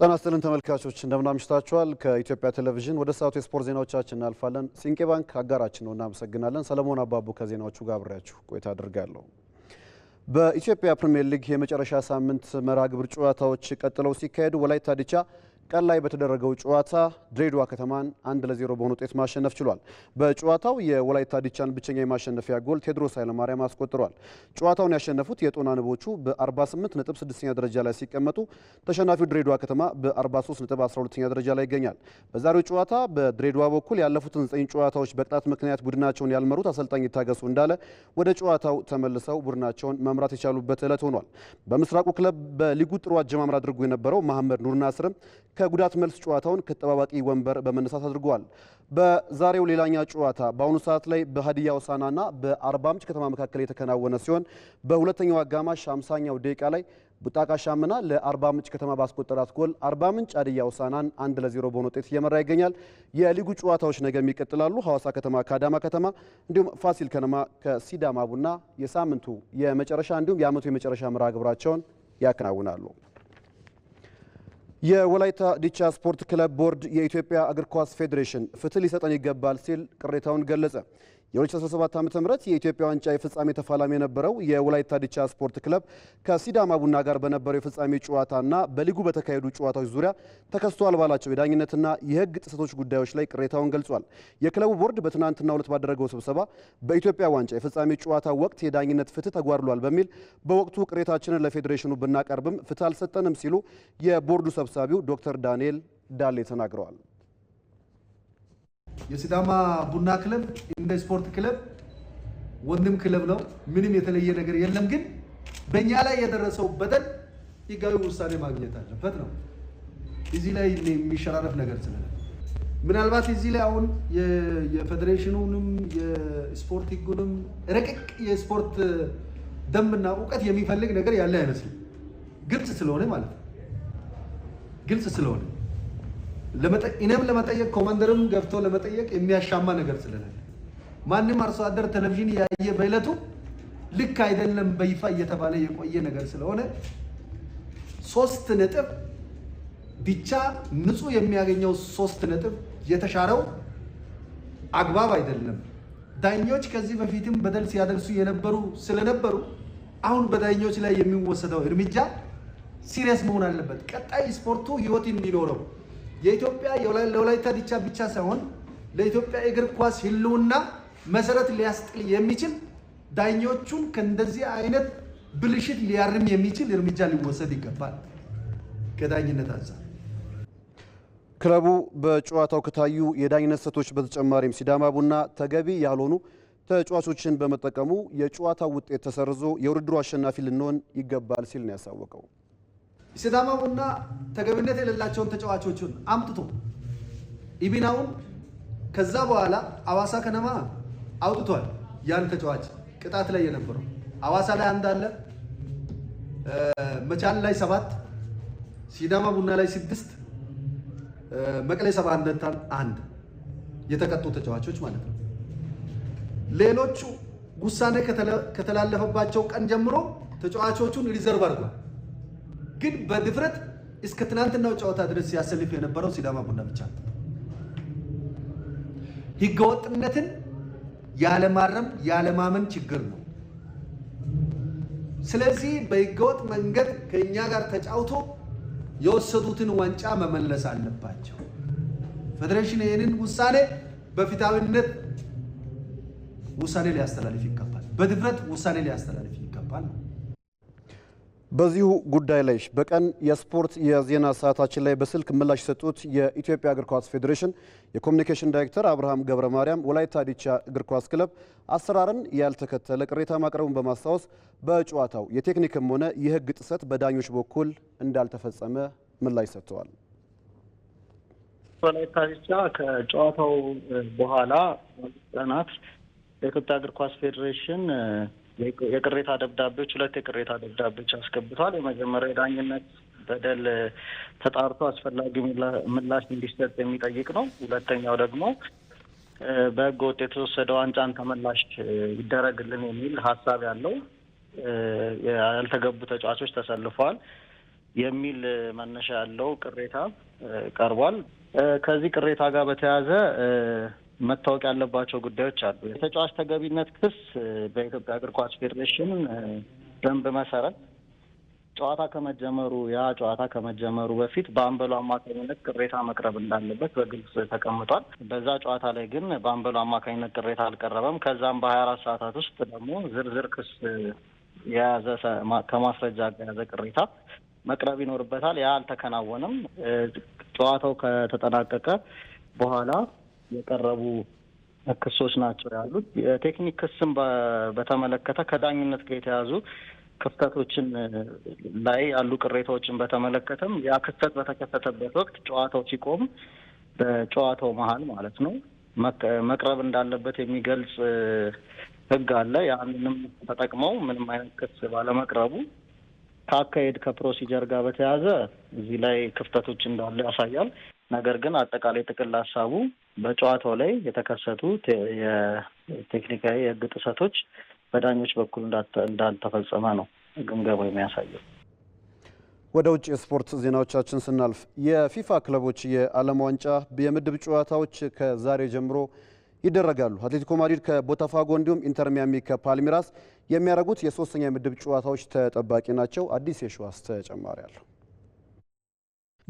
ጤና ይስጥልን ተመልካቾች እንደምናምሽታችኋል። ከኢትዮጵያ ቴሌቪዥን ወደ ሰዓቱ የስፖርት ዜናዎቻችን እናልፋለን። ሲንቄ ባንክ አጋራችን ነው፣ እናመሰግናለን። ሰለሞን አባቡ ከዜናዎቹ ጋር አብሬያችሁ ቆይታ አድርጋለሁ። በኢትዮጵያ ፕሪምየር ሊግ የመጨረሻ ሳምንት መርሃ ግብር ጨዋታዎች ቀጥለው ሲካሄዱ ወላይታ ዲቻ ቀን ላይ በተደረገው ጨዋታ ድሬዳዋ ከተማን አንድ ለዜሮ በሆነ ውጤት ማሸነፍ ችሏል። በጨዋታው የወላይታ ዲቻን ብቸኛ የማሸነፊያ ጎል ቴድሮስ ኃይለማርያም አስቆጥሯል። ጨዋታውን ያሸነፉት የጦና ንቦቹ በ48 ነጥብ 6ኛ ደረጃ ላይ ሲቀመጡ፣ ተሸናፊው ድሬዳዋ ከተማ በ43 ነጥብ 12ኛ ደረጃ ላይ ይገኛል። በዛሬው ጨዋታ በድሬዳዋ በኩል ያለፉትን ዘጠኝ ጨዋታዎች በቅጣት ምክንያት ቡድናቸውን ያልመሩት አሰልጣኝ ይታገሱ እንዳለ ወደ ጨዋታው ተመልሰው ቡድናቸውን መምራት የቻሉበት ዕለት ሆኗል። በምስራቁ ክለብ በሊጉ ጥሩ አጀማምር አድርጎ የነበረው መሐመድ ኑርናስርም። ከጉዳት መልስ ጨዋታውን ከተጠባባቂ ወንበር በመነሳት አድርጓል። በዛሬው ሌላኛ ጨዋታ በአሁኑ ሰዓት ላይ በሀዲያ ሆሳዕናና በአርባ ምንጭ ከተማ መካከል የተከናወነ ሲሆን በሁለተኛው አጋማሽ አምሳኛው ደቂቃ ላይ ቡጣቃ ሻምና ለአርባ ምንጭ ከተማ ባስቆጠራት ጎል አርባ ምንጭ ሀዲያ ሆሳዕናን አንድ ለዜሮ በሆነ ውጤት እየመራ ይገኛል። የሊጉ ጨዋታዎች ነገም ይቀጥላሉ። ሐዋሳ ከተማ ከአዳማ ከተማ እንዲሁም ፋሲል ከነማ ከሲዳማ ቡና የሳምንቱ የመጨረሻ እንዲሁም የአመቱ የመጨረሻ ምራ ግብራቸውን ያከናውናሉ። የወላይታ ዲቻ ስፖርት ክለብ ቦርድ የኢትዮጵያ እግር ኳስ ፌዴሬሽን ፍትህ ሊሰጠን ይገባል ሲል ቅሬታውን ገለጸ። የ2017 ዓ ም የኢትዮጵያ ዋንጫ የፍጻሜ ተፋላሚ የነበረው የወላይታ ዲቻ ስፖርት ክለብ ከሲዳማ ቡና ጋር በነበረው የፍጻሜ ጨዋታና በሊጉ በተካሄዱ ጨዋታዎች ዙሪያ ተከስተዋል ባላቸው የዳኝነትና የሕግ ጥሰቶች ጉዳዮች ላይ ቅሬታውን ገልጿል። የክለቡ ቦርድ በትናንትናው ዕለት ባደረገው ስብሰባ በኢትዮጵያ ዋንጫ የፍጻሜ ጨዋታ ወቅት የዳኝነት ፍትህ ተጓድሏል በሚል በወቅቱ ቅሬታችንን ለፌዴሬሽኑ ብናቀርብም ፍትህ አልሰጠንም ሲሉ የቦርዱ ሰብሳቢው ዶክተር ዳንኤል ዳሌ ተናግረዋል። የሲዳማ ቡና ክለብ እንደ ስፖርት ክለብ ወንድም ክለብ ነው። ምንም የተለየ ነገር የለም። ግን በእኛ ላይ የደረሰው በደል ህጋዊ ውሳኔ ማግኘት አለበት ነው። እዚህ ላይ የሚሸራረፍ ነገር ስለለ ምናልባት እዚህ ላይ አሁን የፌዴሬሽኑንም የስፖርት ህጉንም ረቅቅ የስፖርት ደንብና እውቀት የሚፈልግ ነገር ያለ አይመስልም። ግልጽ ስለሆነ ማለት ነው። ግልጽ ስለሆነ እኔም ለመጠየቅ ኮማንደርም ገብቶ ለመጠየቅ የሚያሻማ ነገር ስለሌለ ማንም አርሶ አደር ቴሌቪዥን ያየ በዕለቱ ልክ አይደለም በይፋ እየተባለ የቆየ ነገር ስለሆነ ሶስት ነጥብ ብቻ ንጹህ የሚያገኘው ሶስት ነጥብ የተሻረው አግባብ አይደለም። ዳኞች ከዚህ በፊትም በደል ሲያደርሱ የነበሩ ስለነበሩ አሁን በዳኞች ላይ የሚወሰደው እርምጃ ሲሪየስ መሆን አለበት። ቀጣይ ስፖርቱ ህይወት እንዲኖረው የኢትዮጵያ ለወላይታ ዲቻ ብቻ ሳይሆን ለኢትዮጵያ እግር ኳስ ህልውና መሰረት ሊያስጥል የሚችል ዳኞቹን ከእንደዚህ አይነት ብልሽት ሊያርም የሚችል እርምጃ ሊወሰድ ይገባል። ከዳኝነት አንጻር ክለቡ በጨዋታው ከታዩ የዳኝነት ስህተቶች በተጨማሪም ሲዳማ ቡና ተገቢ ያልሆኑ ተጫዋቾችን በመጠቀሙ የጨዋታው ውጤት ተሰርዞ የውድድሩ አሸናፊ ልንሆን ይገባል ሲል ነው ያሳወቀው። ሲዳማ ቡና ተገቢነት የሌላቸውን ተጫዋቾችን አምጥቶ ኢቢናውን ከዛ በኋላ አዋሳ ከነማ አውጥቷል። ያን ተጫዋች ቅጣት ላይ የነበረው አዋሳ ላይ አንድ አለ፣ መቻል ላይ ሰባት፣ ሲዳማ ቡና ላይ ስድስት፣ መቀሌ ሰባ እንደታን አንድ የተቀጡ ተጫዋቾች ማለት ነው። ሌሎቹ ውሳኔ ከተላለፈባቸው ቀን ጀምሮ ተጫዋቾቹን ሪዘርቭ አድርጓል። ግን በድፍረት እስከ ትናንትናው ጨዋታ ድረስ ሲያሰልፍ የነበረው ሲዳማ ቡና ብቻ ህገወጥነትን ያለማረም ያለማመን ችግር ነው። ስለዚህ በህገወጥ መንገድ ከእኛ ጋር ተጫውቶ የወሰዱትን ዋንጫ መመለስ አለባቸው። ፌዴሬሽን ይህንን ውሳኔ በፊታዊነት ውሳኔ ሊያስተላልፍ ይገባል። በድፍረት ውሳኔ ሊያስተላልፍ ይገባል ነው በዚሁ ጉዳይ ላይ በቀን የስፖርት የዜና ሰዓታችን ላይ በስልክ ምላሽ የሰጡት የኢትዮጵያ እግር ኳስ ፌዴሬሽን የኮሚኒኬሽን ዳይሬክተር አብርሃም ገብረ ማርያም ወላይታ ዲቻ እግር ኳስ ክለብ አሰራርን ያልተከተለ ቅሬታ ማቅረቡን በማስታወስ በጨዋታው የቴክኒክም ሆነ የሕግ ጥሰት በዳኞች በኩል እንዳልተፈጸመ ምላሽ ሰጥተዋል። ወላይታ ዲቻ ከጨዋታው በኋላ ጠናት የኢትዮጵያ እግር ኳስ ፌዴሬሽን የቅሬታ ደብዳቤዎች ሁለት የቅሬታ ደብዳቤዎች አስገብቷል። የመጀመሪያ የዳኝነት በደል ተጣርቶ አስፈላጊ ምላሽ እንዲሰጥ የሚጠይቅ ነው። ሁለተኛው ደግሞ በህገ ወጥ የተወሰደው ዋንጫን ተመላሽ ይደረግልን የሚል ሀሳብ ያለው ያልተገቡ ተጫዋቾች ተሰልፈዋል የሚል መነሻ ያለው ቅሬታ ቀርቧል። ከዚህ ቅሬታ ጋር በተያያዘ መታወቅ ያለባቸው ጉዳዮች አሉ። የተጫዋች ተገቢነት ክስ በኢትዮጵያ እግር ኳስ ፌዴሬሽን ደንብ መሰረት ጨዋታ ከመጀመሩ ያ ጨዋታ ከመጀመሩ በፊት በአንበሉ አማካኝነት ቅሬታ መቅረብ እንዳለበት በግልጽ ተቀምጧል። በዛ ጨዋታ ላይ ግን በአንበሉ አማካኝነት ቅሬታ አልቀረበም። ከዛም በሀያ አራት ሰዓታት ውስጥ ደግሞ ዝርዝር ክስ የያዘ ከማስረጃ የያዘ ቅሬታ መቅረብ ይኖርበታል። ያ አልተከናወነም። ጨዋታው ከተጠናቀቀ በኋላ የቀረቡ ክሶች ናቸው ያሉት። የቴክኒክ ክስም በተመለከተ ከዳኝነት ጋር የተያዙ ክፍተቶችን ላይ ያሉ ቅሬታዎችን በተመለከተም ያ ክፍተት በተከፈተበት ወቅት ጨዋታው ሲቆም በጨዋታው መሀል ማለት ነው መቅረብ እንዳለበት የሚገልጽ ሕግ አለ። ያንንም ተጠቅመው ምንም አይነት ክስ ባለመቅረቡ ከአካሄድ ከፕሮሲጀር ጋር በተያያዘ እዚህ ላይ ክፍተቶች እንዳሉ ያሳያል። ነገር ግን አጠቃላይ ጥቅል ሀሳቡ በጨዋታው ላይ የተከሰቱ የቴክኒካዊ የህግ ጥሰቶች በዳኞች በኩል እንዳልተፈጸመ ነው ግምገማው የሚያሳየው። ወደ ውጭ የስፖርት ዜናዎቻችን ስናልፍ የፊፋ ክለቦች የዓለም ዋንጫ የምድብ ጨዋታዎች ከዛሬ ጀምሮ ይደረጋሉ። አትሌቲኮ ማድሪድ ከቦታፋጎ እንዲሁም ኢንተር ሚያሚ ከፓልሚራስ የሚያደርጉት የሶስተኛ የምድብ ጨዋታዎች ተጠባቂ ናቸው። አዲስ የሸዋስ ተጨማሪ አለሁ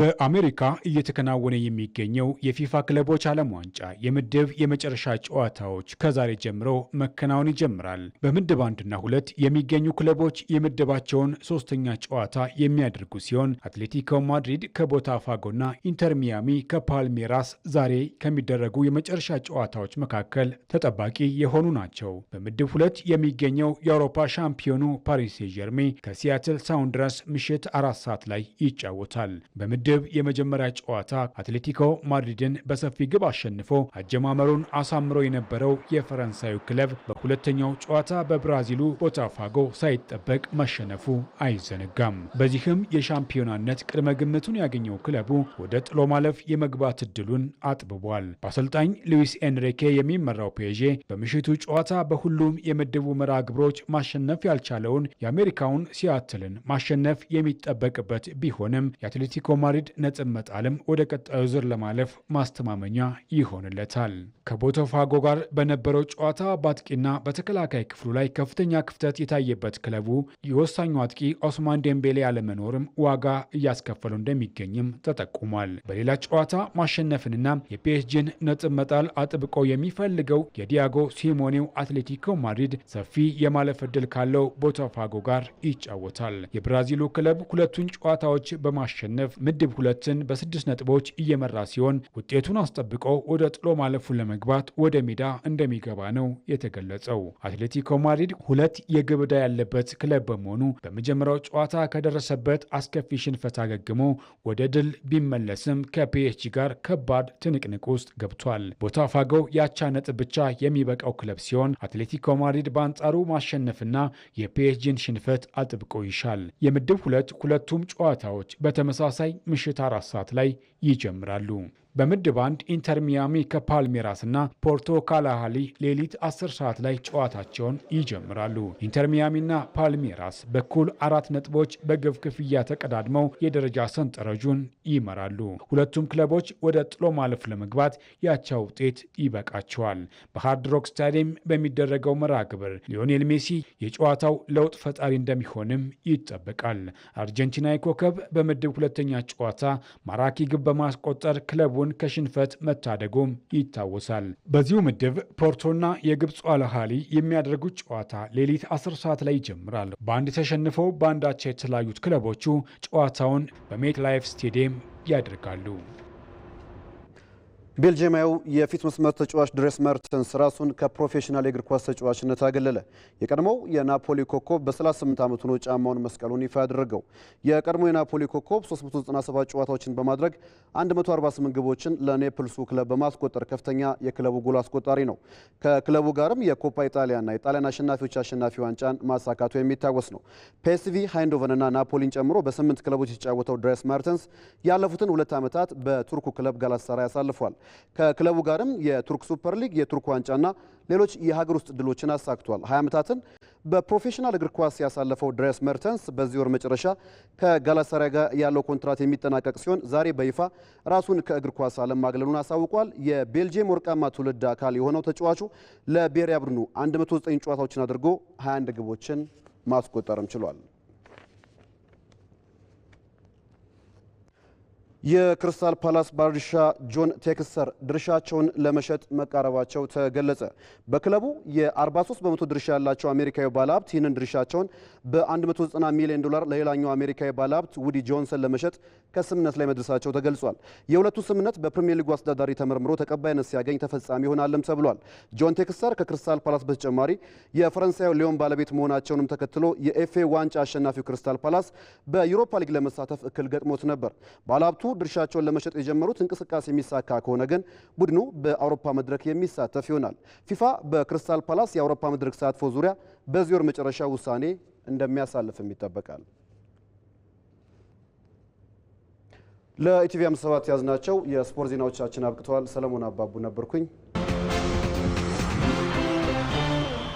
በአሜሪካ እየተከናወነ የሚገኘው የፊፋ ክለቦች ዓለም ዋንጫ የምድብ የመጨረሻ ጨዋታዎች ከዛሬ ጀምሮ መከናወን ይጀምራል። በምድብ አንድና ሁለት የሚገኙ ክለቦች የምድባቸውን ሶስተኛ ጨዋታ የሚያደርጉ ሲሆን አትሌቲኮ ማድሪድ ከቦታፋጎና ኢንተር ሚያሚ ከፓልሜራስ ዛሬ ከሚደረጉ የመጨረሻ ጨዋታዎች መካከል ተጠባቂ የሆኑ ናቸው። በምድብ ሁለት የሚገኘው የአውሮፓ ሻምፒዮኑ ፓሪስ ጀርሜ ጀርሜን ከሲያትል ሳውንድረስ ምሽት አራት ሰዓት ላይ ይጫወታል። ምድብ የመጀመሪያ ጨዋታ አትሌቲኮ ማድሪድን በሰፊ ግብ አሸንፎ አጀማመሩን አሳምሮ የነበረው የፈረንሳዩ ክለብ በሁለተኛው ጨዋታ በብራዚሉ ቦታፋጎ ሳይጠበቅ መሸነፉ አይዘነጋም። በዚህም የሻምፒዮናነት ቅድመ ግምቱን ያገኘው ክለቡ ወደ ጥሎ ማለፍ የመግባት እድሉን አጥብቧል። በአሰልጣኝ ሉዊስ ኤንሪኬ የሚመራው ፔዤ በምሽቱ ጨዋታ በሁሉም የምድቡ መርሃ ግብሮች ማሸነፍ ያልቻለውን የአሜሪካውን ሲያትልን ማሸነፍ የሚጠበቅበት ቢሆንም የአትሌቲኮ ማድሪድ ነጥብ መጣልም ወደ ቀጣዩ ዙር ለማለፍ ማስተማመኛ ይሆንለታል። ከቦታፎጎ ጋር በነበረው ጨዋታ በአጥቂና በተከላካይ ክፍሉ ላይ ከፍተኛ ክፍተት የታየበት ክለቡ የወሳኙ አጥቂ ኦስማን ዴምቤሌ አለመኖርም ዋጋ እያስከፈለው እንደሚገኝም ተጠቁሟል። በሌላ ጨዋታ ማሸነፍንና የፒኤስጂን ነጥብ መጣል አጥብቆ የሚፈልገው የዲያጎ ሲሞኔው አትሌቲኮ ማድሪድ ሰፊ የማለፍ እድል ካለው ቦታፎጎ ጋር ይጫወታል። የብራዚሉ ክለብ ሁለቱን ጨዋታዎች በማሸነፍ ምድ ምድብ ሁለትን በስድስት ነጥቦች እየመራ ሲሆን ውጤቱን አስጠብቆ ወደ ጥሎ ማለፉን ለመግባት ወደ ሜዳ እንደሚገባ ነው የተገለጸው። አትሌቲኮ ማድሪድ ሁለት የግብ ዕዳ ያለበት ክለብ በመሆኑ በመጀመሪያው ጨዋታ ከደረሰበት አስከፊ ሽንፈት አገግሞ ወደ ድል ቢመለስም ከፒኤስጂ ጋር ከባድ ትንቅንቅ ውስጥ ገብቷል። ቦታፋጎ የአቻ ነጥብ ብቻ የሚበቃው ክለብ ሲሆን አትሌቲኮ ማድሪድ በአንጻሩ ማሸነፍና የፒኤስጂን ሽንፈት አጥብቆ ይሻል። የምድብ ሁለት ሁለቱም ጨዋታዎች በተመሳሳይ ምሽት አራት ሰዓት ላይ ይጀምራሉ። በምድብ አንድ ኢንተር ሚያሚ ከፓልሜራስና ፖርቶ ካላሃሊ ሌሊት 10 ሰዓት ላይ ጨዋታቸውን ይጀምራሉ። ኢንተር ሚያሚና ፓልሜራስ በኩል አራት ነጥቦች በግብ ክፍያ ተቀዳድመው የደረጃ ሰንጠረዡን ይመራሉ። ሁለቱም ክለቦች ወደ ጥሎ ማለፍ ለመግባት ያቻ ውጤት ይበቃቸዋል። በሃርድ ሮክ ስታዲየም በሚደረገው መርሃ ግብር ሊዮኔል ሜሲ የጨዋታው ለውጥ ፈጣሪ እንደሚሆንም ይጠበቃል። አርጀንቲናዊ ኮከብ በምድብ ሁለተኛ ጨዋታ ማራኪ ግብ በማስቆጠር ክለቡ ሞሮኮን ከሽንፈት መታደጉም ይታወሳል። በዚሁ ምድብ ፖርቶና የግብፁ አልሃሊ የሚያደርጉት ጨዋታ ሌሊት 10 ሰዓት ላይ ይጀምራል። በአንድ ተሸንፈው በአንዳቸው የተለያዩት ክለቦቹ ጨዋታውን በሜት ላይፍ ስቴዲየም ያደርጋሉ። ቤልጅየማዊው የፊት መስመር ተጫዋች ድሬስ መርተንስ ራሱን ከፕሮፌሽናል የእግር ኳስ ተጫዋችነት አገለለ። የቀድሞው የናፖሊ ኮከብ በ38 ዓመቱ ነው ጫማውን መስቀሉን ይፋ ያደረገው። የቀድሞው የናፖሊ ኮከብ 397 ጨዋታዎችን በማድረግ 148 ግቦችን ለኔፕልሱ ክለብ በማስቆጠር ከፍተኛ የክለቡ ጎል አስቆጣሪ ነው። ከክለቡ ጋርም የኮፓ ኢጣሊያና የጣሊያን አሸናፊዎች አሸናፊ ዋንጫን ማሳካቱ የሚታወስ ነው። ፒኤስቪ ሃይንዶቨንና ናፖሊን ጨምሮ በስምንት ክለቦች የተጫወተው ድሬስ መርተንስ ያለፉትን ሁለት ዓመታት በቱርኩ ክለብ ጋላታሳራይ አሳልፏል። ከክለቡ ጋርም የቱርክ ሱፐር ሊግ፣ የቱርክ ዋንጫና ሌሎች የሀገር ውስጥ ድሎችን አሳክቷል። ሀያ ዓመታትን በፕሮፌሽናል እግር ኳስ ያሳለፈው ድሬስ መርተንስ በዚህ ወር መጨረሻ ከጋላሳራይ ጋር ያለው ኮንትራት የሚጠናቀቅ ሲሆን ዛሬ በይፋ ራሱን ከእግር ኳስ ዓለም ማግለሉን አሳውቋል። የቤልጅየም ወርቃማ ትውልድ አካል የሆነው ተጫዋቹ ለብሔራዊ ቡድኑ 109 ጨዋታዎችን አድርጎ 21 ግቦችን ማስቆጠርም ችሏል። የክሪስታል ፓላስ ባለድርሻ ጆን ቴክስተር ድርሻቸውን ለመሸጥ መቃረባቸው ተገለጸ። በክለቡ የ43 በመቶ ድርሻ ያላቸው አሜሪካዊ ባለሀብት ይህንን ድርሻቸውን በ190 ሚሊዮን ዶላር ለሌላኛው አሜሪካዊ ባለሀብት ውዲ ጆንሰን ለመሸጥ ከስምነት ላይ መድረሳቸው ተገልጿል። የሁለቱ ስምነት በፕሪሚየር ሊጉ አስተዳዳሪ ተመርምሮ ተቀባይነት ሲያገኝ ተፈጻሚ ይሆናልም ተብሏል። ጆን ቴክስተር ከክሪስታል ፓላስ በተጨማሪ የፈረንሳዩ ሊዮን ባለቤት መሆናቸውንም ተከትሎ የኤፍኤ ዋንጫ አሸናፊው ክሪስታል ፓላስ በዩሮፓ ሊግ ለመሳተፍ እክል ገጥሞት ነበር። ባለሀብቱ ድርሻቸውን ለመሸጥ የጀመሩት እንቅስቃሴ የሚሳካ ከሆነ ግን ቡድኑ በአውሮፓ መድረክ የሚሳተፍ ይሆናል። ፊፋ በክሪስታል ፓላስ የአውሮፓ መድረክ ተሳትፎ ዙሪያ በዚህ ወር መጨረሻ ውሳኔ እንደሚያሳልፍም ይጠበቃል። ለኢቲቪ 57 ያዝናቸው የስፖርት ዜናዎቻችን አብቅተዋል። ሰለሞን አባቡ ነበርኩኝ።